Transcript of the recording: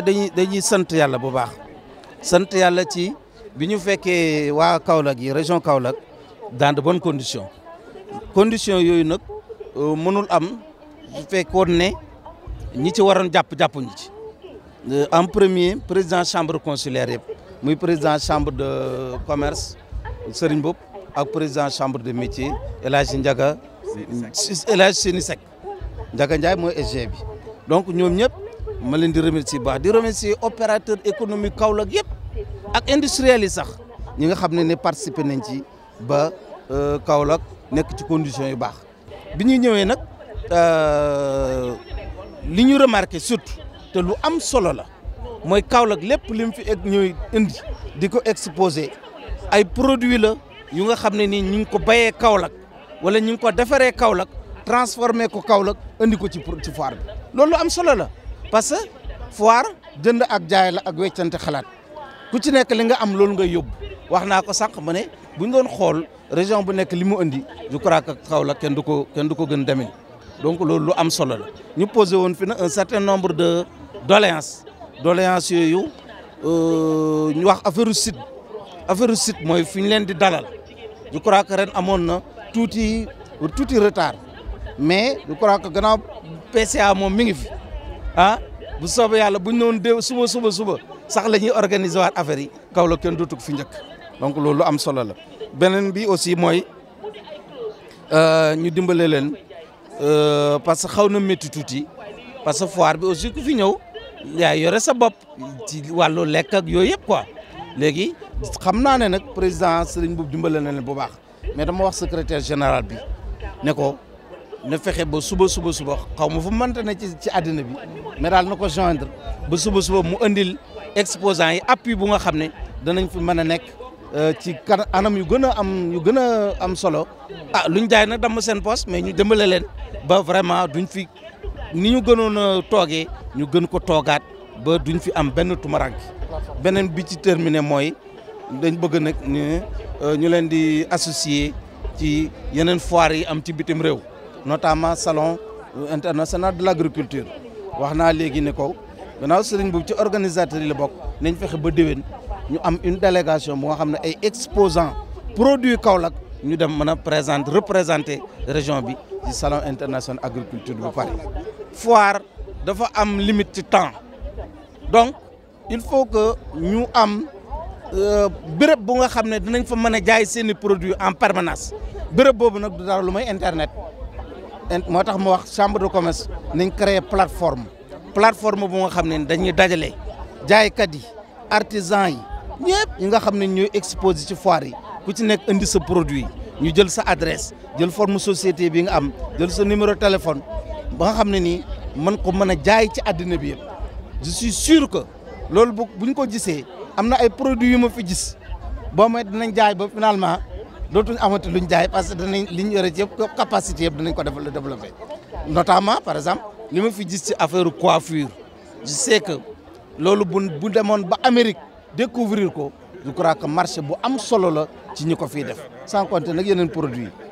wante dañuy dañuy sant yàlla bu baax sant yàlla ci bi ñu fekkee waa yi région Kaolack dans de bonnes conditions conditions yooyu nag euh, mënul am su fekkoon ne ñi ci waroon jàpp jàppuñu ci euh, en premier président chambre consulaire yëpp muy président chambre de commerce Serigne Bopp ak président chambre de métier El Hadj Ndiaga El Hadj Seni Seck Ndiaga Ndiaye mooy SG bi donc ñoom ñëpp ma leen di remercier baax di remercier opérateur économique Kaolack yëpp ak industriels yi sax ñi nga xam ne ne participer nañ ci ba euh, Kaolack nekk ci conditions yu baax bi ñu ñëwee nag euh, li ñu remarqué surtout te lu am solo la mooy Kaolack lépp li fi egg indi di ko exposé ay produits la yu nga xam ne nii ñu ngi ko bayee Kaolack wala ñu ngi ko defaree Kaolack transformé ko Kaolack indi ko ci ci foire bi loolu am solo la. parce que foire jënd ak jaay la ak weccante xalaat ku ci nek li nga am loolu nga yob. Waxna ko sax mané buñ doon xol région bu nek limu mu indi je crois que Kaolack kenn duko ko kenn du gën demin donc loolu lu am solo la ñu posé won fi na un certain nombre de doléances doléances euh ñu wax affaire site affaire site moy fiñ ñu leen di dalal je crois que ren amon na touti touti retard mais je crois que gannaaw PCA moom mi ngi fi. ah bu soobee yàlla bu ñu noonu dé suba suba suba sax la ñuy organiser waat affaire yi kaw la kenn dootu ko fi njëkk donc loolu am solo la beneen bi aussi mooy euh, ñu dimbale leen euh, parce que xaw na métti tuuti parce que foire bi aussi ku fi ñëw yaa yore sa bopp ci wàllu lekk ak yooyu yëpp quoi léegi xam naa ne nag président Serigne boobu dimbale na leen bu baax mais dama wax secrétaire général bi ne na fexe ba suba suba suba xaw ma fu mënta ne ci ci àddina bi mais daal na ko joindre ba suba suba mu andil exposants yi appui bu nga xam ne danañ fi mën a nekk euh, ci kan anam yu gën a am yu gën a am solo ah luñ jaay nag damm seen poste mais ñu dimbale leen ba vraiment duñ fi ni ñu gënoon a toogee ñu gën ko toogaat ba duñ fi am benn tumaranki beneen bi ci terminé mooy dañ bëgg nag ñu euh, ñu leen di associer ci yeneen foire yi am ci bitim réew notamment salon international de l'agriculture. agriculture wax naa léegi ne ko gannaaw ci organisateur une délégation qui nga exposant produits Kaolak. ñu dem Nous présenter représenter région bi salon international agriculture de Paris. foire dafa am limite de temps donc il faut que nous ayons... Euh, béréb bu nga xamné dinañ fa mën jaay seen produits en permanence béréb bobu nak du dara lu internet. moo tax ma wax chambre de commerce nañ créer plateforme plateforme bu nga xam ne dañuy dajale jaaykat yi artisan yi ñëpp ñi nga xam ne ñooy exposé ci foire yi ku ci nekk indi sa produit ñu jël sa adresse jël forme société bi nga am jël sa numéro téléphone ba nga xam ne ni mën ko mën a jaay ci addina bi yëpp je suis sûr loolu bu buñ ko gisee am na ay produits yu ma fi gis boo may dinañ jaay ba finalement dootuñ amati luñ jaay parce que danañ li ñu yore ci yëpp capacité yëpp danañ ko développer notamment par exemple ni ma fi gis ci affaire coiffure je sais que loolu bu bu demoon ba Amérique découvrir ko je crois que marché bu am solo la ci ñi ko fi def sans compter nag yeneen produit